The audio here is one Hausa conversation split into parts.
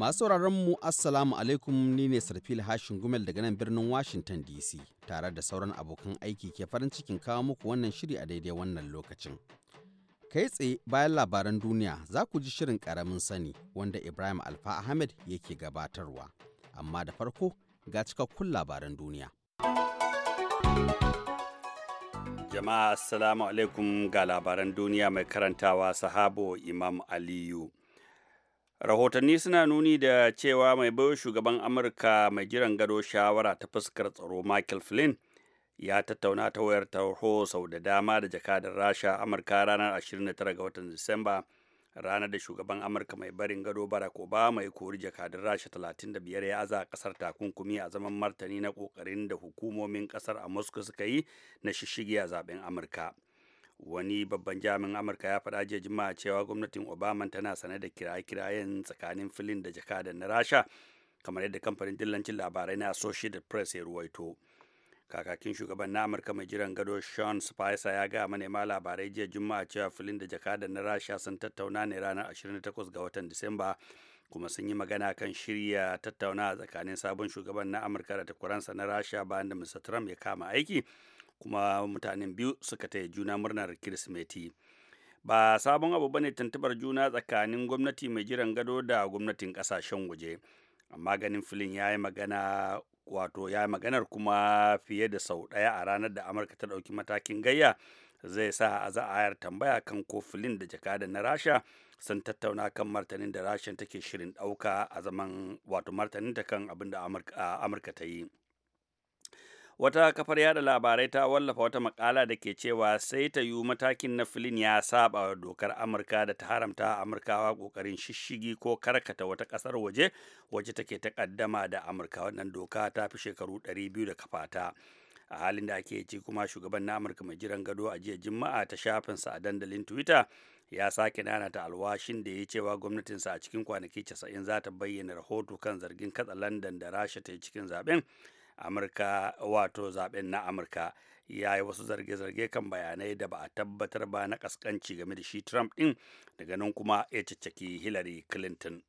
Masu mu Assalamu alaikum ni ne Sarfil Hashin Gumel daga nan birnin Washington DC tare da sauran abokan aiki ke farin cikin kawo muku wannan shiri a daidai wannan lokacin. Kai tsaye bayan labaran duniya za ku ji shirin karamin sani wanda Ibrahim Alfa Ahmed yake gabatarwa. Amma da farko ga cikakkun labaran duniya. Jama'a Assalamu alaikum ga labaran duniya mai karantawa sahabo Imam Aliyu. rahotanni suna nuni da cewa mai bayo shugaban amurka mai jiran gado shawara ta fuskar tsaro michael flynn ya tattauna ta wayar taho sau da dama da jakadar rasha amurka ranar 29 ga watan disamba ranar da shugaban amurka mai barin gado barack obama ya kori jakadar rasha 35 ya aza a kasar takunkumi a zaman martani na kokarin da hukumomin kasar a moscow suka yi na shishigi a zaben amurka wani babban jami'in amurka ya faɗa jiya juma'a cewa gwamnatin obama tana sane da kiraye-kirayen tsakanin filin da jakadan na rasha kamar yadda kamfanin dillancin labarai na associated press ya ruwaito kakakin shugaban na amurka mai jiran gado sean spicer ya gaya mana ma labarai jiya juma'a cewa filin da jakadan na rasha sun tattauna ne ranar 28 ga watan disamba kuma sun yi magana kan shirya tattauna tsakanin sabon shugaban na amurka da takwaransa na rasha bayan da mr trump ya kama aiki kuma mutanen biyu suka taya juna murnar kirsimeti ba sabon abu bane tantubar juna tsakanin gwamnati mai jiran gado da gwamnatin kasashen waje amma ganin filin ya yi magana wato ya yi maganar kuma fiye da sau ɗaya a ranar da amurka ta ɗauki matakin gayya zai sa a za'ayar tambaya kan ko filin da jakada na rasha sun tattauna kan martanin da rashin take shirin ɗauka a zaman wato martanin ta kan abin da amurka ta yi wata kafar yada labarai ta wallafa wata makala da ke cewa sai ta yi matakin na filin ya saba wa dokar amurka da ta haramta amurkawa kokarin shishigi ko karkata wata kasar waje waje take takaddama da amurka wannan doka ta fi shekaru 200 da kafata a halin da ake ci kuma shugaban na amurka mai jiran gado a jiya juma'a ta shafinsa a dandalin twitter ya sake nanata alwashin da ya cewa gwamnatinsa a cikin kwanaki 90 za ta bayyana rahoto kan zargin katsa london da rasha ta yi cikin zaben amurka wato zaben na amurka ya yi wasu zarge-zarge kan bayanai da ba a tabbatar ba na kaskanci game da shi trump din daga nan kuma ya cicciki hillary clinton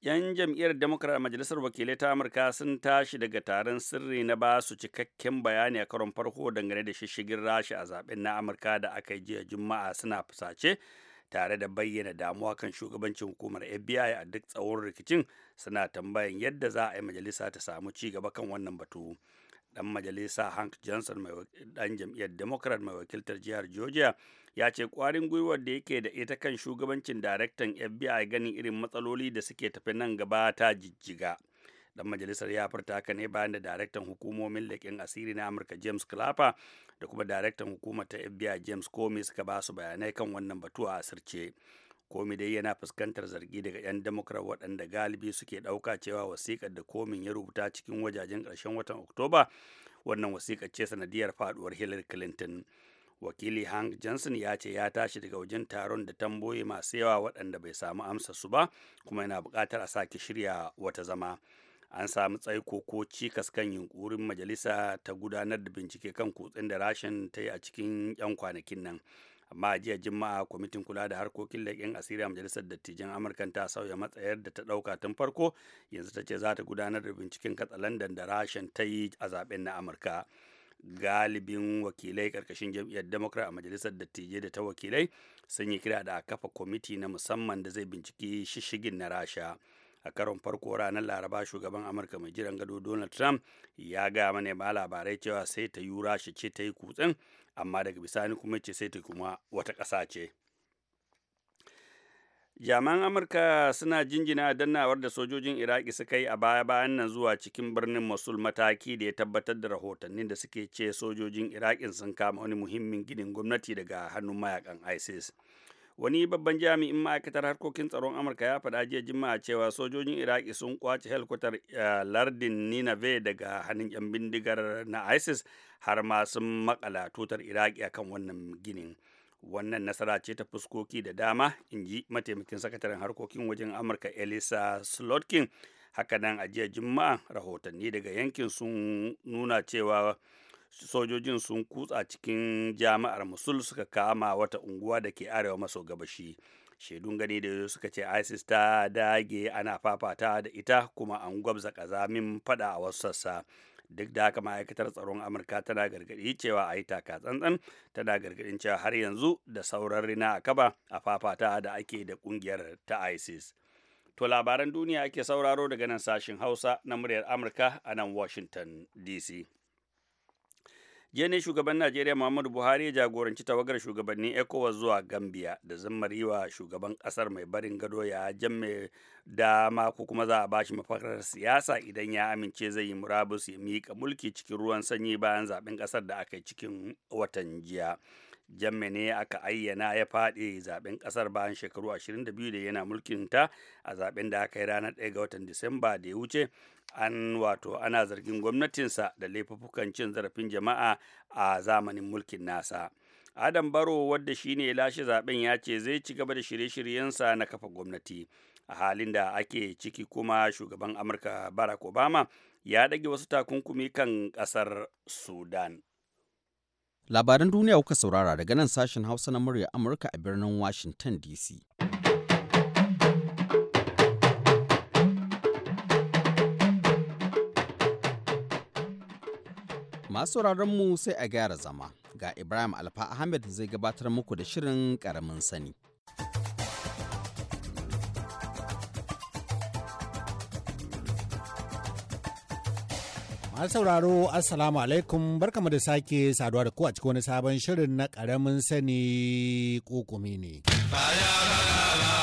yan jam'iyyar democrat majalisar wakilai ta amurka sun tashi daga taron sirri na ba su cikakken bayani a karon farko dangane da shishigin rashi a zaben na amurka da aka yi jiya juma'a suna fusace tare da bayyana damuwa kan shugabancin hukumar FBI a duk tsawon rikicin suna tambayan yadda za a yi majalisa ta samu ci gaba kan wannan batu. Dan majalisa Hank Johnson mai dan jam'iyyar Democrat mai wakiltar jihar Georgia ya ce kwarin gwiwar da yake da ita kan shugabancin daraktan FBI ganin irin matsaloli da suke tafi nan gaba ta jijjiga. dan majalisar ya furta ne bayan da daraktan hukumomin leƙen asiri na amurka james clapper da kuma daraktan hukumar ta FBI James Comey suka ba su bayanai kan wannan batu a asirce. komi dai yana fuskantar zargi daga 'yan Democrat waɗanda galibi suke ɗauka cewa wasiƙar da Comey ya rubuta cikin wajajen ƙarshen watan Oktoba wannan wasiƙar ce sanadiyar faɗuwar Hillary Clinton. wakili hank johnson ya ce ya tashi daga wajen taron da tamboyi masu yawa waɗanda bai samu amsa su ba kuma yana buƙatar a sake shirya wata zama an samu tsaiko ko cikas kan yunkurin majalisa ta gudanar da bincike kan kutsen da rashin ta yi a cikin 'yan kwanakin nan amma jiya juma'a kwamitin kula da harkokin leƙen asiri a majalisar dattijan amurka ta sauya matsayar da ta ɗauka tun farko yanzu ta ce za ta gudanar da binciken katsalandan da rashin ta yi a zaɓen na amurka galibin wakilai karkashin jam'iyyar democrat a majalisar dattijai da ta wakilai sun yi kira da a kafa kwamiti na musamman da zai binciki shishigin na rasha a karon farko ranar laraba shugaban amurka mai jiran gado donald trump ya ga ba labarai cewa sai ta yi rasha ce ta yi kutsen amma daga bisani kuma ce sai ta kuma wata ƙasa ce jaman amurka suna jinjina dannawar da sojojin iraki suka yi a baya-bayan nan zuwa cikin birnin mosul mataki da ya tabbatar da rahotannin da suke ce sojojin iraki sun kama wani muhimmin ginin gwamnati daga hannun mayakan isis wani babban jami'in ma'aikatar harkokin tsaron amurka ya faɗa jiya juma'a cewa sojojin iraki sun kwace helkwatar eh, lardin ninave daga hannun yan bindigar na isis har ma sun makala tutar iraki akan wannan ginin wannan nasara ce ta fuskoki da dama in ji mataimakin sakataren harkokin wajen amurka elisa slotkin hakanan a jiya juma'a rahotanni daga yankin sun nuna cewa sojojin sun kutsa cikin jami'ar musul suka kama wata unguwa da ke arewa maso gabashi shaidun gani da suka ce isis ta dage ana fafata da ita kuma an gwabza kazamin fada a wasu sassa duk da haka ma'aikatar tsaron amurka tana gargaɗi cewa a yi taka tsantsan tana gargaɗin cewa har yanzu da sauran rina a kaba a fafata da ake da ƙungiyar ta isis to labaran duniya ake sauraro daga nan sashin hausa na muryar amurka a nan washington dc jiya ne shugaban najeriya muhammadu buhari ya jagoranci tawagar shugabannin ecowas zuwa gambia da zammar yi shugaban kasar mai barin gado ya jamme dama ko kuma za a bashi mafakar siyasa idan ya amince zai yi murabus ya miƙa mulki cikin ruwan sanyi bayan zaben kasar da aka yi cikin watan jiya jamme ne aka ayyana ya faɗi zaben kasar bayan shekaru 22 da yana mulkin ta a zaben da aka yi ranar 1 ga watan disamba da ya wuce an wato ana zargin gwamnatinsa da laifukan cin zarafin jama'a a zamanin mulkin nasa adam baro wadda shine lashe zaben ya ce zai ci gaba da shirye-shiryensa na kafa gwamnati a halin da ake ciki kuma shugaban amurka barack obama ya dage wasu takunkumi kan ƙasar sudan labaran duniya kuka saurara daga nan sashen hausa na murya amurka a birnin washington dc Masu mu sai a gyara zama ga Ibrahim Alfa Ahmed zai gabatar muku da shirin karamin sani. Masu sauraro Assalamu alaikum barkamu da sake saduwa da ku a cikin wani sabon shirin na karamin sani kokumi ne. Baya, baya, baya.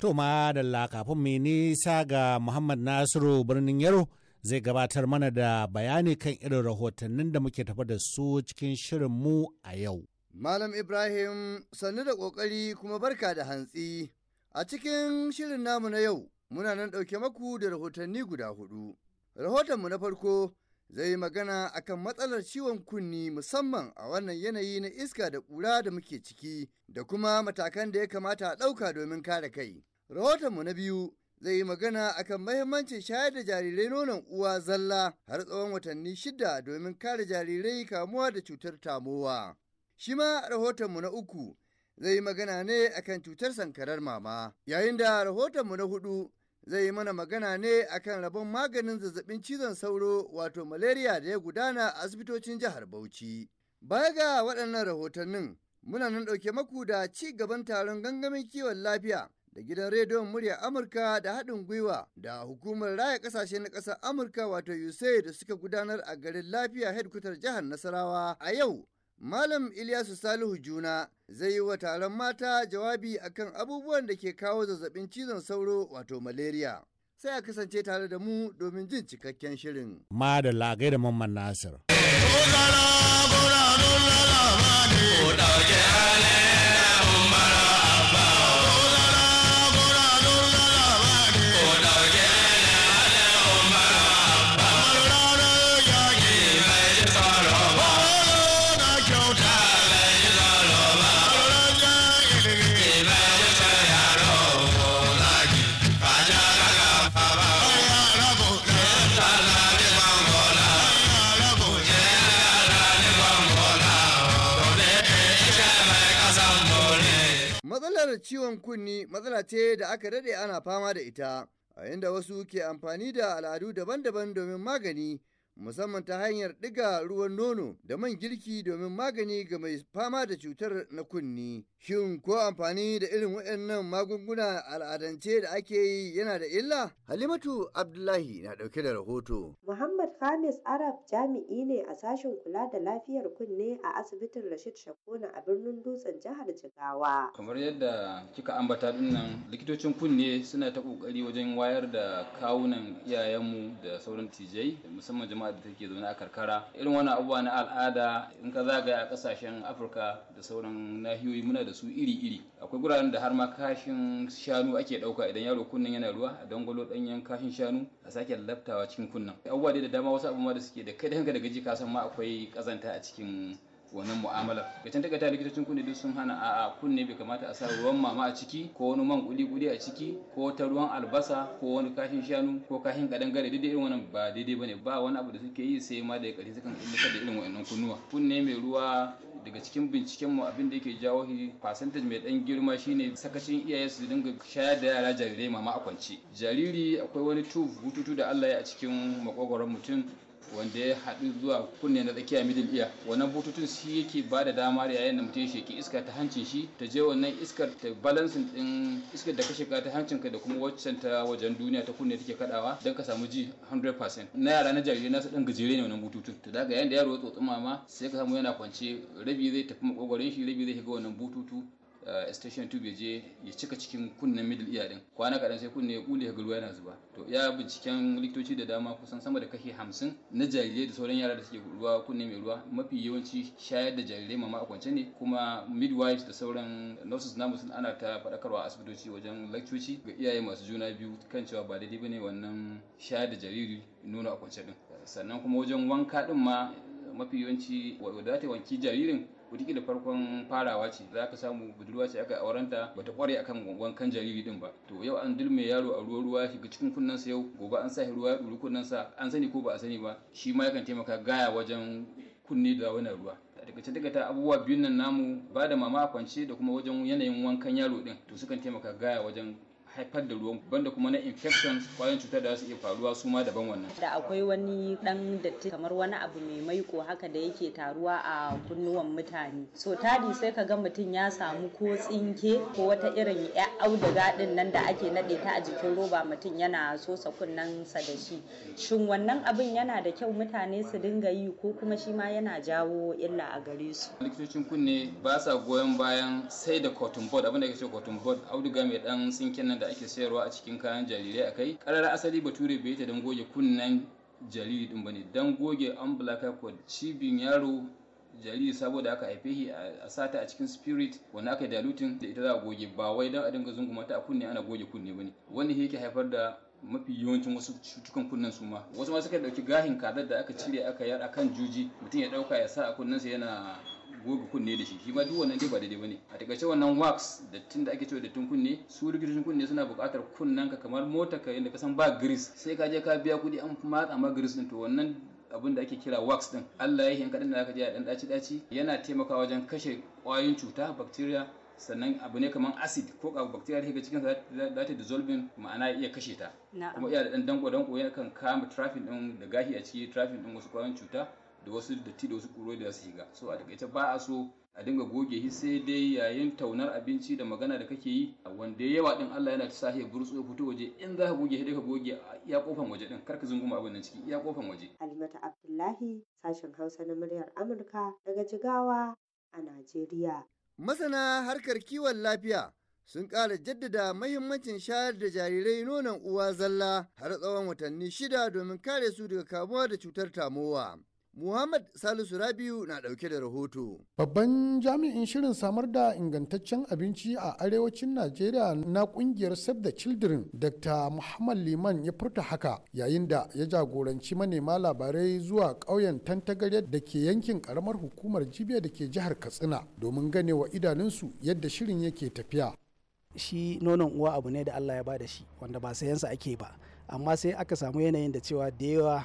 To ma da kafin mai nisa ga Muhammad Nasiru birnin Yaro zai gabatar mana da bayani kan irin rahotannin da muke tafa da su cikin shirin mu a yau. Malam Ibrahim sannu da ƙoƙari kuma barka da hantsi. A cikin shirin namu na yau muna nan ɗauke maku da rahotanni guda hudu. Rahotonmu na farko zai magana akan matsalar ciwon kunni musamman a wannan yanayi na iska da ƙura da muke ciki da kuma matakan da ya kamata a ɗauka domin kare kai. Rahotonmu na biyu zai yi magana akan mahimmancin shayar da jarirai nonon uwa zalla har tsawon watanni shida domin kare jarirai kamuwa da cutar tamowa. Shi ma rahotonmu na uku zai yi magana ne akan cutar sankarar mama, yayin da rahotonmu na hudu zai yi mana magana ne akan rabon maganin zazzabin cizon sauro wato malaria da ya gudana a asibitocin jihar Bauchi. Baya ga waɗannan rahotannin, muna nan ɗauke maku da ci gaban taron gangamin kiwon lafiya da gidan rediyon murya Amurka da haɗin gwiwa da hukumar raya ƙasashe na ƙasar Amurka wato USAID da suka gudanar a garin lafiya hedkwatar jihar Nasarawa a yau. Malam Ilyasu Salihu Juna zai yi wa taron mata jawabi akan abubuwan da ke kawo zazzabin cizon sauro wato malaria. Sai a kasance tare da mu domin jin cikakken shirin. Ma da lagai da mamman Nasir. Matsalar ciwon kunni matsala ce da aka daɗe ana fama da ita, a inda wasu ke amfani da al'adu daban-daban domin magani musamman ta hanyar ɗiga ruwan nono da man girki domin magani ga mai fama da cutar na kunni. Shin ko amfani da irin waɗannan magunguna al'adance da ake yi yana da illa? Halimatu Abdullahi na dauke da rahoto. Muhammad Khamis Arab jami'i ne a sashen kula da lafiyar kunne a asibitin Rashid Shakona a birnin Dutsen jihar Jigawa. Kamar yadda kika ambata dinnan likitocin kunne suna ta ƙoƙari wajen wayar da kawunan iyayenmu da sauran tijai musamman jama'a da take zaune a karkara irin wani abuwa na al'ada in ka zagaya a kasashen afirka da sauran nahiyoyi muna da su iri-iri akwai guraren da har ma kashin shanu ake ɗauka idan yaro kunnen yana ruwa a dangwalo ɗanyen kashin shanu a sake laftawa cikin kunnen abubuwa dai da dama wasu abubuwa da suke da kai da hanka daga ji ka ma akwai kazanta a cikin wannan mu'amalar ya can ta likitocin kunne duk sun hana a'a kunne bai kamata a sa ruwan mama a ciki ko wani man kuli kuli a ciki ko ta ruwan albasa ko wani kashin shanu ko kashin kadan gare duk irin wannan ba daidai bane ba wani abu da suke yi sai ma da ya kare sukan illata da irin wannan kunnuwa kunne mai ruwa daga cikin binciken mu abin da yake jawo shi percentage mai dan girma shine sakacin iyaye su dinga shayar da yara jarirai mama a kwance jariri akwai wani tube bututu da Allah ya a cikin makogoron mutum wanda ya haɗu zuwa kunne na tsakiya middle iya wannan bututun shi yake ba da dama da yayin da mutum ya sheki iska ta hancin shi ta je wannan iskar ta balansin din iskar da ka sheka ta hancinka da kuma waccan ta wajen duniya ta kunne take kadawa don ka samu ji 100% na yara na jarirai nasu ɗan gajere ne wannan bututun to daga yayin da yaro ya tsotsi mama sai ka samu yana kwance rabi zai tafi makogwarin shi rabi zai shiga wannan bututu Eh, station tube ya je ya cika cikin kunnen middle ear din kwana kadan sai kunne ya kule ga ruwa yana zuba to ya binciken likitoci da dama kusan sama da kashi hamsin na jarirai da sauran yara da suke ruwa kunne mai ruwa mafi yawanci shayar da jarirai mama a kwance ne kuma midwives da sauran nurses namu sun ana ta faɗakarwa a asibitoci wajen lakcoci ga iyaye masu juna biyu kan cewa ba daidai bane wannan shayar da jariri nono a kwance din sannan kuma wajen wanka din ma mafi yawanci wadda wanki jaririn wataƙila farkon farawa ce za ka samu budurwa ce aka aurenta ta kware akan wankan jariri din ba to yau an dulme yaro a ruwa ruwa shiga cikin kunnen sa yau gobe an sa ruwa ya kunnen sa an sani ko ba a sani ba shi ma yakan taimaka gaya wajen kunne da wani ruwa a takaice daga ta abubuwa biyun nan namu ba da mama kwance da kuma wajen yanayin wankan yaro din to sukan taimaka gaya wajen haifar da ruwan banda kuma na infection kwayoyin cutar da za su iya faruwa su ma daban wannan da akwai wani dan datti kamar wani abu mai maiko haka da yake taruwa a kunnuwan mutane so tadi sai ka ga mutum ya samu ko tsinke ko wata irin ya auduga din nan da ake nade ta a jikin roba mutum yana sosa kunnen sa da shi shin wannan abin yana da kyau mutane su dinga yi ko kuma shi ma yana jawo illa a gare su likitocin kunne ba sa goyon bayan sai da cotton board abin da ke ce cotton board auduga mai dan tsinken nan da ake sayarwa a cikin kayan jarirai a kai ƙarar asali bature bai ta don goge kunnen jariri din bane don goge black cord cibin yaro jariri saboda aka haife shi a sata a cikin spirit wanda aka dalutin da ita za a goge ba wai don a dinga zunguma ta a kunne ana goge kunne bane wanda yake haifar da mafi yawancin wasu cutukan kunnen su ma wasu ma suka dauki gahin kadar da aka cire aka yar akan juji mutum ya dauka ya sa a kunnensa yana goge kunne da shi shi ma duk wannan dai ba daidai bane a takaice wannan wax dattin da ake cewa dattin kunne su rigirin kunne suna buƙatar kunnen ka kamar mota ka yadda ka san ba grease sai ka je ka biya kuɗi an matsa ma grease din to wannan abin da ake kira wax din Allah ya yi kaɗan da aka je a dan daci daci yana taimakawa wajen kashe ƙwayoyin cuta bacteria sannan abu ne kamar acid ko ka bacteria da ke cikin za ta dissolving ma'ana iya kashe ta kuma iya da dan danko danko yana kan kama traffic din da gashi a ciki trafin din wasu ƙwayoyin cuta da wasu datti da wasu ƙuro da su shiga so a takaice ba a so a dinga goge shi sai dai yayin taunar abinci da magana da kake yi wanda yawa din Allah yana ta sahi burtsu ya fito waje in za ka goge shi ka goge iya kofan waje din karka zunguma abin nan ciki iya kofan waje Halimata Abdullahi sashen Hausa na muryar Amurka daga Jigawa a Najeriya Masana harkar kiwon lafiya sun kara jaddada mahimmancin shayar da jarirai nonon uwa zalla har tsawon watanni shida domin kare su daga kamuwa da cutar tamowa. Muhammad Salisu Rabiu na ɗauke da rahoto. Babban jami'in shirin samar da ingantaccen abinci a arewacin Najeriya na kungiyar Save the Children, Dr. Muhammad Liman ya furta haka yayin da ya jagoranci manema labarai zuwa ƙauyen Tantagare da ke yankin ƙaramar hukumar Jibiya da ke jihar Katsina domin ganewa idanunsu yadda shirin yake tafiya. Shi nonon uwa abu ne da Allah ya bada shi wanda ba sayansa ake ba, amma sai aka samu yanayin da cewa da yawa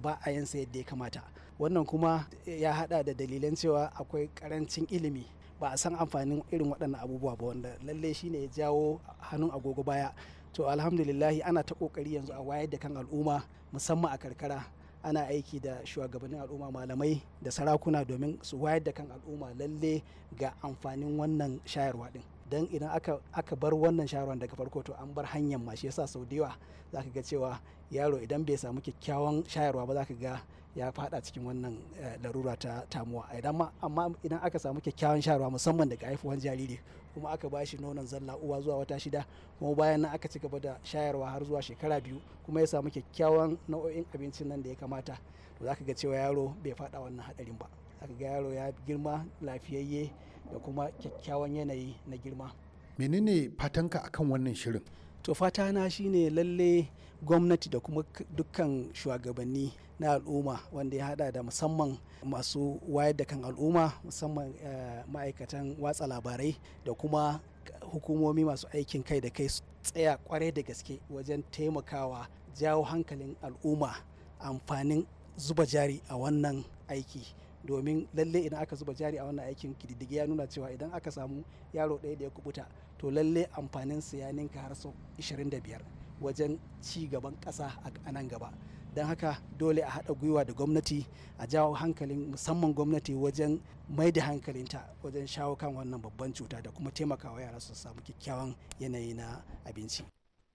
ba a yansa yadda ya kamata. wannan kuma ya hada da dalilan cewa akwai karancin ilimi ba a san amfanin irin waɗannan abubuwa ba wanda lalle shine ya jawo hannun agogo baya to alhamdulillahi ana ta kokari yanzu a wayar da kan al'umma musamman a karkara ana aiki da shugabannin al'umma malamai da sarakuna domin su wayar da kan al'umma lalle ga amfanin wannan shayarwa din dan idan aka, aka bar wannan shayarwa daga farko to an bar hanyar ma yasa sau da yawa za ga cewa yaro idan bai samu kyakkyawan shayarwa ba za ga ya fada cikin wannan eh, larura ta tamuwa idan amma idan aka samu kyakkyawan sharuwa musamman daga haifuwan jariri kuma aka ba shi nonon zalla uwa zuwa wata shida kuma bayan nan aka ci gaba da shayarwa har zuwa shekara biyu kuma ya samu kyakkyawan nau'o'in abincin nan da ya kamata to zaka ga cewa yaro bai fada wannan hadarin ba zaka ga yaro ya girma lafiyayye da kuma kyakkyawan yanayi na girma menene fatanka akan wannan shirin to fata na shine lalle gwamnati da kuma dukkan shugabanni na al'umma wanda ya hada da musamman masu wayar da kan al'umma musamman eh, ma'aikatan watsa labarai da kuma hukumomi masu aikin kai da kai su tsaya kwarai da gaske wajen taimakawa jawo hankalin al'umma amfanin zuba jari a wannan aiki domin lalle idan aka zuba jari a wannan aikin kididdige ya nuna cewa idan aka samu yaro ɗaya da ya kubuta to lalle amfanin su ya ninka har sau 25 wajen ci gaban ƙasa a nan gaba don haka dole a haɗa gwiwa da gwamnati a jawo hankalin musamman gwamnati wajen mai da hankalinta wajen shawo kan wannan babban cuta da kuma taimakawa yara su samu kyakkyawan yanayi na abinci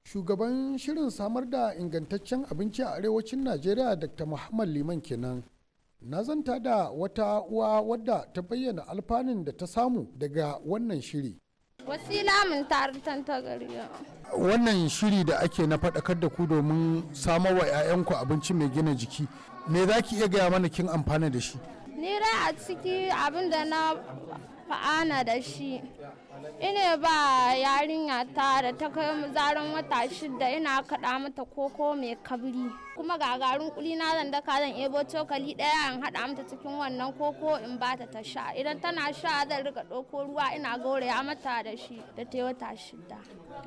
shugaban shirin samar da ingantaccen abinci a arewacin najeriya dr muhammad liman kenan na zanta da wata uwa wadda ta bayyana alfanun da ta samu daga wannan shiri wasila mun tarutan ta gari wannan shiri da ake na faɗakar da ku domin samar wa 'ya'yanku abinci mai gina jiki me za ki iya gaya mana kin amfana da shi ni a ciki abin da na fa'ana da shi ina ba yarinya ta da ta kai zaran wata shida ina kaɗa mata koko mai kabri kuma gagarin kuli na zan daka zan ebo cokali ɗaya in haɗa mata cikin wannan koko in ba ta ta sha idan tana sha zan riga ɗauko ruwa ina gauraya mata da shi da ta wata shida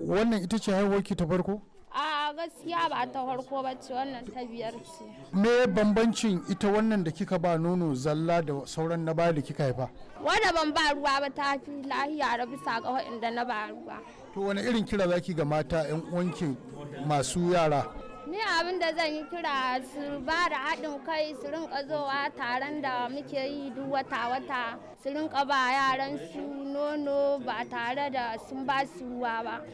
wannan ita ce haihuwarki ta farko a gaskiya ba ta farko ba ce wannan ta biyar ce me bambancin ita wannan da kika ba nono zalla da sauran na baya da kika haifa wanda ban ba ruwa ba ta fi lahiya da bisa ga inda na ba ruwa to wani irin kira za ki ga mata yan uwanki masu yara ni abin da zan yi kira su ba da haɗin kai su rinka zowa taron da muke yi duk wata-wata su rinka ba yaran su nono ba tare da sun ba su ruwa ba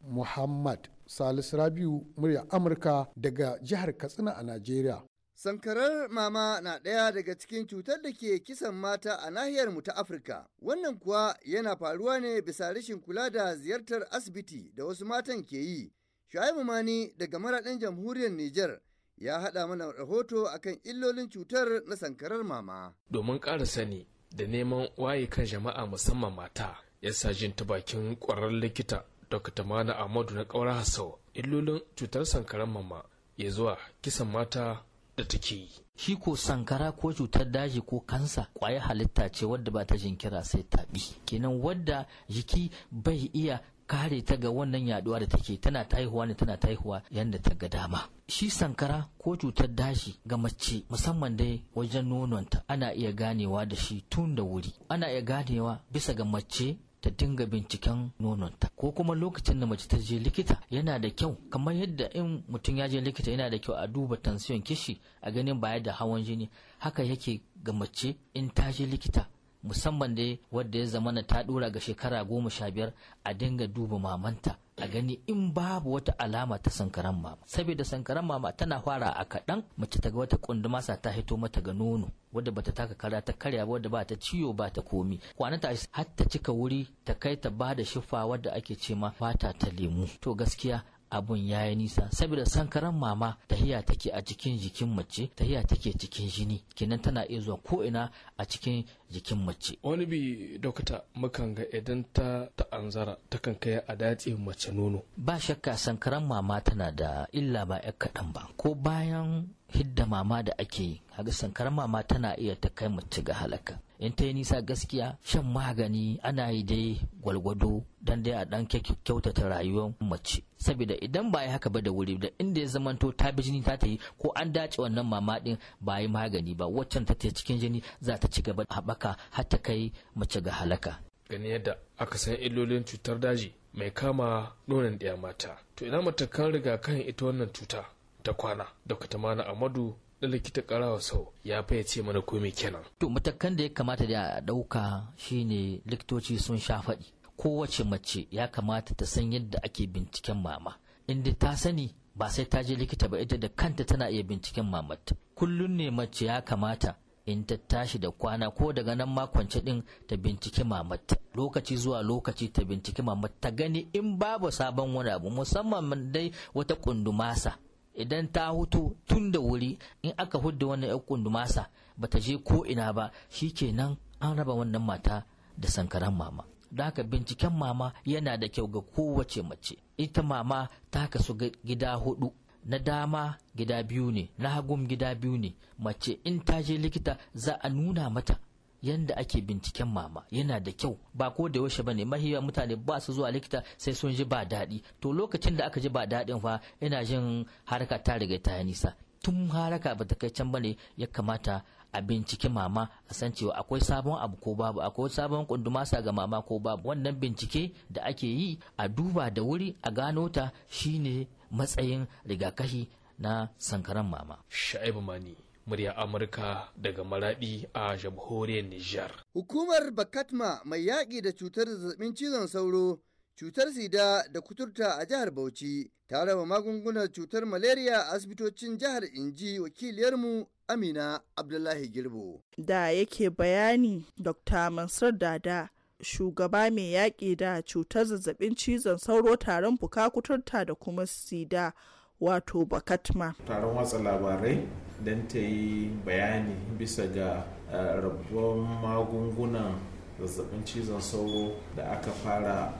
muhammad Salisu Rabiu murya Amurka daga jihar Katsina a Najeriya. Sankarar mama na ɗaya daga cikin cutar da ke kisan mata a nahiyar mu ta Afirka. Wannan kuwa yana faruwa ne bisa rashin kula da ziyartar asibiti da wasu matan ke yi. Shu'aibu Mani daga maraɗin jamhuriyar Nijar ya haɗa mana rahoto akan illolin cutar na sankarar mama. Domin ƙara sani da neman waye kan jama'a musamman mata, yasa jin ta bakin ƙwararren likita dr mana ahmadu na ƙaura hassau illolin cutar sankaran mama ya zuwa kisan mata da take yi. Shi ko sankara ko cutar daji ko kansa kwaya halitta ce wadda ba ta jinkira sai taɓi. Kenan wadda jiki bai iya kare ta ga wannan yaduwa da take tana taihuwa ne tana taihuwa yadda ta ga dama. Shi sankara ko cutar daji ga mace musamman dai wajen nononta ana iya ganewa da shi tun da wuri. Ana iya ganewa bisa ga mace ta dinga binciken nononta ko kuma lokacin da mace ta je likita yana da kyau kamar yadda in mutum ya je likita yana da kyau a duba tansiyon kishi a ganin baya da hawan jini haka yake ga mace in ta je likita musamman dai wadda ya zamana ta dora ga shekara goma sha biyar a dinga duba mamanta a gani in babu wata alama ta sankaran mama saboda sankaran mama tana fara a kaɗan mace ta ga wata kunduma sa ta hito mata ga nono wadda bata taka kara ta karya ba wadda ba ta ciwo ba ta komi kwana har ta cika wuri ta kai ta bada da shifa wadda ake ce ma fata ta lemu to gaskiya abun ya yi nisa saboda sankaran mama tahiya take a cikin jikin mace tahiya take cikin jini kenan tana iya zuwa ko ina a cikin jikin mace wani bi dokta mukan ga idan ta ta'anzara kan kai a datse mace nono ba shakka sankaran mama tana da illa ba ya kaɗan ba ko bayan hidda mama da ake yi haka sankaran mama tana iya ta kai mace ga halaka in ta yi nisa gaskiya shan magani ana yi dai gwalgwado dan dai a dan kyautata rayuwar mace saboda idan ba yi haka ba da wuri da inda ya zamanto ta bi jini ta ta yi ko an dace wannan mama din ba yi magani ba waccan ta ta cikin jini za ta ci gaba haɓaka har ta kai mace ga halaka gani yadda aka san illolin cutar daji mai kama nonon ɗaya mata to ina matakan kan ita wannan cuta ta kwana dokta mana amadu da likita karawa sau ya ce mana komai kenan. To matakan da ya kamata da ɗauka shine likitoci sun sha faɗi kowace mace ya kamata ta san yadda ake binciken mama inda ta sani ba sai ta je likita ba ita da kanta tana iya binciken mamata kullun ne mace ya kamata in ta tashi da kwana ko daga nan ma kwance din ta binciki mamata lokaci zuwa lokaci ta binciki mamata ta gani in babu sabon wani abu musamman dai wata kundumasa idan ta hutu tun da wuri in aka hudda wannan yan kundumasa ba ta je ko ina ba shikenan an raba wannan mata da sankaran mama da haka binciken mama yana da kyau ga kowace mace ita mama ta kasu gida hudu na dama gida biyu ne na hagum gida biyu ne mace in ta je likita za a nuna mata yanda ake binciken mama yana da kyau ba ko da yaushe bane mahiya mutane ba su zuwa likita sai sun ji ba daɗi to lokacin da aka ji ba daɗin fa ina jin haraka ta riga ta nisa tun haraka ba ta kai can bane ya kamata a binciki mama a san cewa akwai sabon abu ko babu akwai sabon kundumasa ga mama ko babu wannan bincike da ake yi a duba da wuri a gano ta shine matsayin rigakafi na sankaran mama sha'ibu mani murya Amurka daga Maradi a jamhuriyar Nijar. Hukumar Bakatma mai yaƙi da cutar zazzabin cizon sauro, cutar sida da kuturta a jihar Bauchi, ta raba magungunan cutar malaria a asibitocin jihar Inji wakiliyarmu Amina Abdullahi Girbo. Da yake bayani Dr. Mansur Dada shugaba mai yaƙi da cutar zazzabin cizon sauro taron fuka kuturta da kuma sida wato bakatma. Taron watsa labarai don ta yi bayani bisa ga eh, rabon magungunan zazzabin cizon sauro da aka fara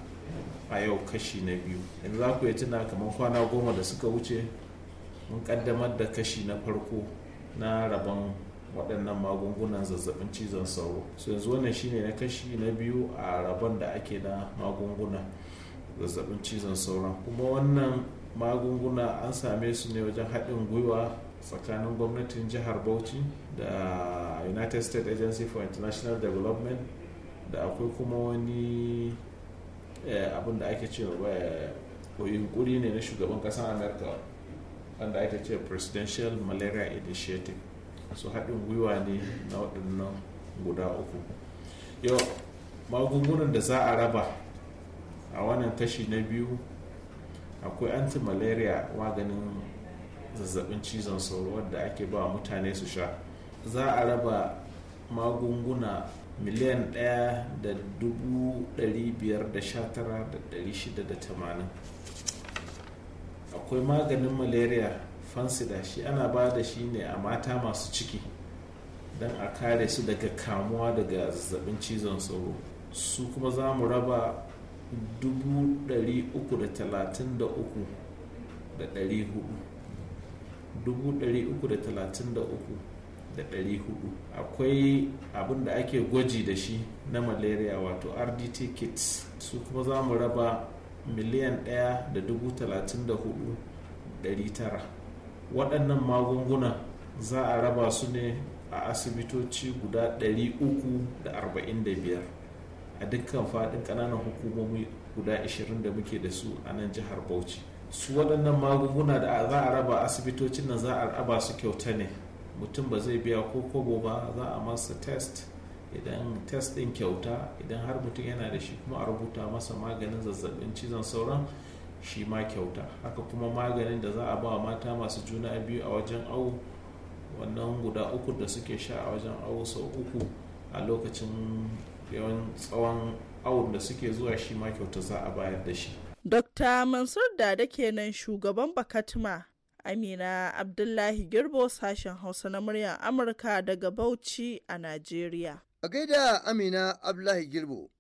a yau kashi na biyu. Yanzu za ku tuna kamar kwana goma da suka wuce mun kaddamar da kashi na farko na rabon waɗannan magungunan zazzabin cizon sauro su yanzu wannan shine na kashi na biyu a rabon da ake na magunguna zazzabin cizon sauro kuma wannan magunguna an same su ne wajen haɗin gwiwa tsakanin gwamnatin jihar bauchi da united states agency for international development da akwai kuma wani eh, abin da ake cewa eh, yunkuri ne na shugaban ƙasar america wanda ake ce presidential malaria initiative su haɗin gwiwa ne na waɗannan guda uku yau magungunan da za a raba a wannan tashi na biyu akwai anti-malaria maganin zazzabin cizon sauro wadda ake ba mutane su sha za a raba magunguna miliyan ɗaya da dubu ɗari biyar da sha tara da ɗari shida da tamanin akwai maganin malaria fansida shi ana ba da shi ne a mata masu ciki don a kare su daga kamuwa daga zazzabin cizon sauro su kuma za mu raba 333,400 akwai abin da ake gwaji da shi na malaria wato rdt kits su kuma za mu raba miliyan ɗaya da dubu waɗannan magunguna za a raba su ne a asibitoci guda 345 a dukkan faɗin ƙananan hukumomi guda 20 da muke da su a nan jihar bauchi su waɗannan magunguna da za a raba asibitocin nan za a raba su kyauta ne mutum ba zai biya ko kobo ba za a masa test idan test din kyauta idan har mutum yana da shi kuma a rubuta masa maganin zazzabin cizon sauran shi ma kyauta haka kuma maganin da za a ba mata masu juna biyu a wajen awu wannan guda uku da suke sha a wajen awu sau uku a lokacin yawan tsawon awun da suke zuwa shi ma kyauta za a bayar da shi dokta Mansur da kenan shugaban Bakatma Amina Abdullahi Girbo sashen Hausa na muryar Amurka daga Bauchi a Najeriya. A gaida Amina Abdullahi Girbo,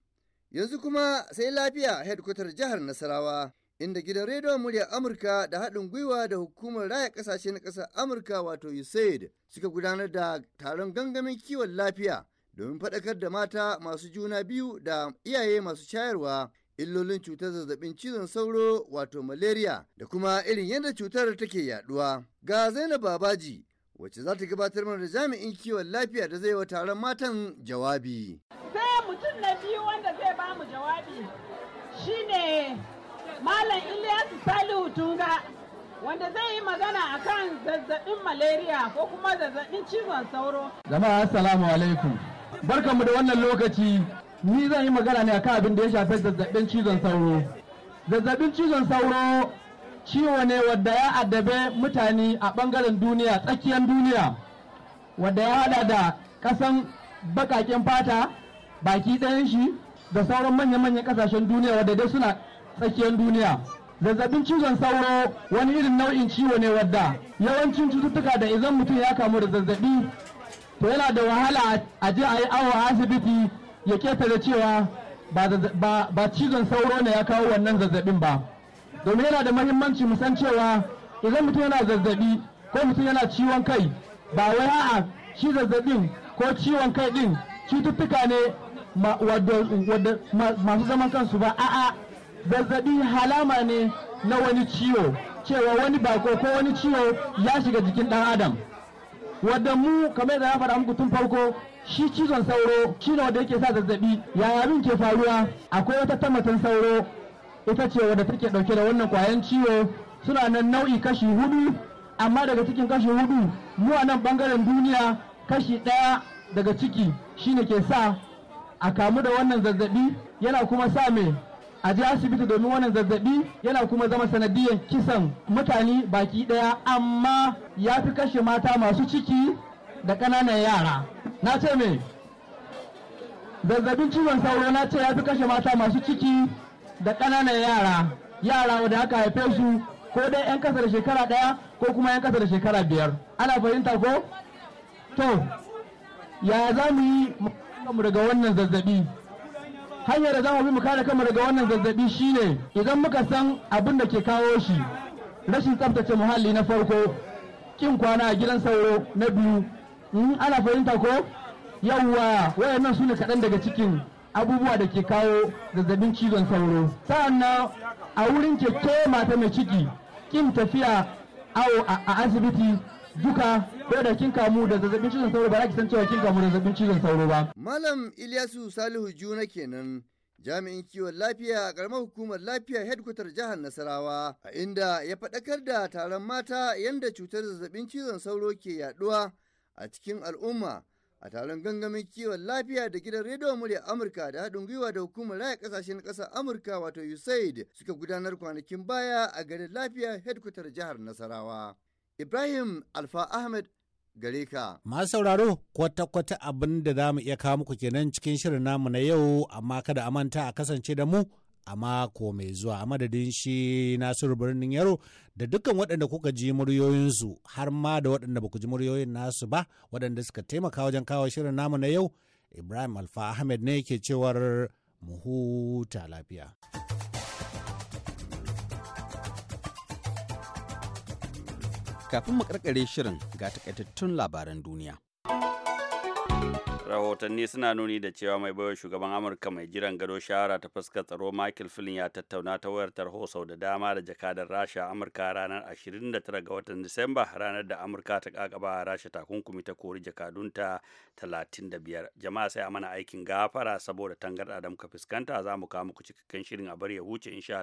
yanzu kuma sai lafiya hedkwatar jihar Nasarawa, inda gidan rediyon murya Amurka da haɗin gwiwa da hukumar raya ƙasashe na ƙasar Amurka wato USAID suka gudanar da taron gangamin kiwon lafiya domin faɗakar da mata masu juna biyu da iyaye masu shayarwa illolin cutar zazzabin cizon sauro wato malaria da kuma irin yadda cutar take yaduwa. Ga Zainab Babaji wacce za ta gabatar mana da jami'in kiwon lafiya da zai wa taron matan jawabi. Sai mutum na biyu wanda zai ba mu jawabi shine Malam iliyasu Salihu Tunga wanda zai yi magana akan zazzabin malaria ko kuma zazzabin cizon sauro. Jama'a assalamu alaikum. Barkanmu da wannan lokaci ni zan yi magana ne akan abin da ya shafi zazzabin cizon sauro. Zazzabin cizon sauro ciwo ne wadda ya addabe mutane a bangaren duniya tsakiyar duniya wadda ya hada da kasan baƙaƙen fata baki ɗayan shi da sauran manya-manyan ƙasashen duniya wadda dai suna tsakiyar duniya zazzabin cizon sauro wani irin nau'in ciwo ne wadda yawancin cututtuka da idan mutum ya kamu da zazzabi to yana da wahala a je a yi awo a asibiti ya keta da cewa ba cizon sauro ne ya kawo wannan zazzabin ba. domin yana da mahimmanci mu san cewa idan mutum yana zazzabi ko mutum yana ciwon kai ba wai a'a shi zazzabin ko ciwon kai din cututtuka ne masu zaman kansu ba a'a zazzabi halama ne na wani ciwo cewa wani bako ko wani ciwo ya shiga jikin dan adam wadda mu kamar yadda na faɗa muku tun farko shi cizon sauro shi ne wanda yake sa zazzabi yaya abin ke faruwa akwai wata tamatin sauro ita ce wadda take dauke da wannan kwayan ciwo suna nan nau'i kashi hudu amma daga cikin kashi hudu mu a nan bangaren duniya kashi daya daga ciki shine ke sa a kamu da wannan zazzabi yana kuma sa me a je asibiti domin wannan zazzabi yana kuma zama sanadiyar kisan mutane baki daya amma ya fi kashe mata masu ciki da ƙananan yara na ce me zazzabin ciwon sauro na ce ya fi kashe mata masu ciki da ƙananan yara yara wanda aka haife su ko dai 'yan kasa da shekara ɗaya ko kuma 'yan kasa da shekara biyar ana fahimta ko to ya za mu yi mu daga wannan zazzabi hanyar da za mu bi mu kare kanmu daga wannan zazzabi shine idan muka san abin da ke kawo shi rashin tsaftace muhalli na farko kin kwana a gidan sauro na biyu hmm, ana fahimta ko yawwa wayannan su ne kaɗan daga cikin abubuwa da ke kawo zazzabin cizon sauro sa'annan a wurin keke mata mai ciki kin tafiya awo a asibiti duka ko da kin kamu da zazzabin cizon sauro ba za ki san cewa kin kamu da zazzabin cizon sauro ba malam Ilyasu Salihu Juna kenan jami'in kiwon lafiya a karamar hukumar lafiya hedkwatar jihar nasarawa a inda ya faɗakar da taron mata yadda cutar zazzabin cizon sauro ke yaɗuwa a cikin al'umma a taron gangamin kiwon lafiya da gidan rediyon murya amurka da haɗin gwiwa da hukumar raya ƙasashen ƙasar amurka wato usaid suka gudanar kwanakin baya a garin lafiya hedkwatar jihar nasarawa ibrahim alfa ahmed gare ka. Masu sauraro kwata-kwata abin da za mu iya kawo muku kenan cikin shirin namu na yau amma kada a manta a kasance da mu a mako mai zuwa a madadin shi nasiru birnin yaro da dukkan waɗanda kuka ji muryoyinsu har ma da waɗanda ba ku ji muryoyin nasu ba waɗanda suka taimaka wajen kawo shirin namu na yau ibrahim alfa ahmed ne ke cewar mu huta lafiya. Kafin mu karkare shirin ga takaitattun labaran duniya. rahotanni suna nuni da cewa mai baiwa shugaban amurka mai jiran gado shahara ta fuskar tsaro michael flynn ya tattauna ta wayar tarho sau da dama da jakadar rasha amurka ranar 29 ga watan disamba ranar da amurka ta kakaba a rasha takunkumi ta kori jakadunta 35 jama'a sai a mana aikin gafara saboda tangarda da muka fuskanta za mu kawo muku cikakken shirin a bari ya wuce insha